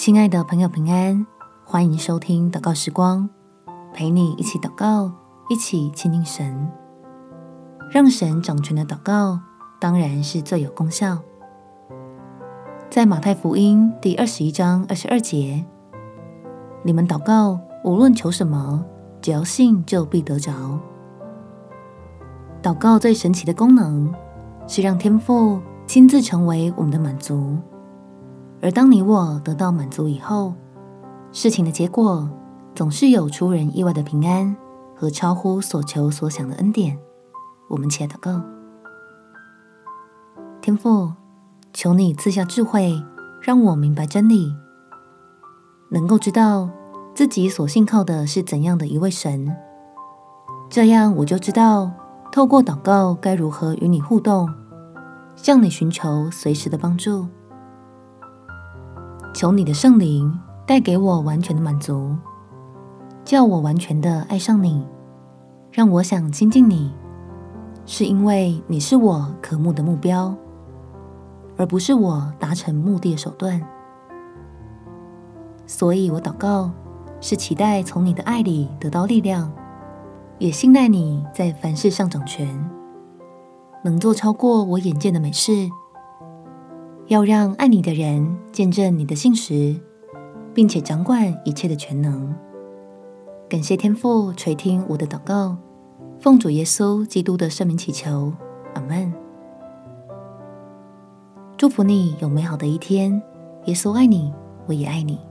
親愛的朋友，平安！歡迎收聽禱告時光，陪你一起禱告，一起親近神。讓神掌權的禱告，當然是最有功效。在馬太福音第二十一章二十二節，你們禱告，無論求什麼，只要信，就必得着。禱告最神奇的功能，是讓天父親自成為我們的滿足。而當你我得到滿足以後，事情的結果總是有出人意外的平安、和超乎所求所想的恩典。我們且禱告，天父，求你賜下智慧，讓我明白真理，能夠知道自己所信靠的是怎樣的一位神。這樣我就知道，透過禱告該如何與你互動，向你尋求隨時的幫助。求你的聖靈帶給我完全的滿足，叫我完全的愛上你，讓我想親近你，是因為你是我渴慕的目標，而不是我達成目的的手段。所以我禱告，是期待從你的愛裡得到力量，也信賴你在凡事上掌權，能做超過我眼見的美事。要讓愛你的人見證你的信實，並且掌管一切的全能。感謝天父垂聽我的禱告，奉主耶穌基督的聖名祈求，阿門。祝福你有美好的一天，耶穌愛你，我也愛你。